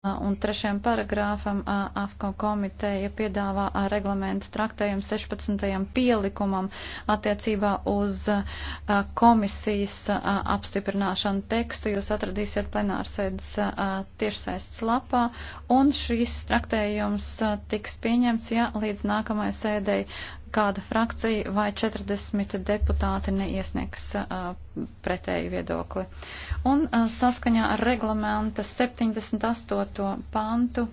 Un trešajam paragrāfam AFCO komiteja piedāvā reglamentu traktējumu 16. pielikumam attiecībā uz komisijas apstiprināšanu tekstu. Jūs atradīsiet plenārsēdes tiešsaistes lapā, un šīs traktējums tiks pieņemts, ja līdz nākamajai sēdei kāda frakcija vai 40 deputāti neiesniegs pretēju viedokli. Un saskaņā ar reglamenta 78 ceturto pantu.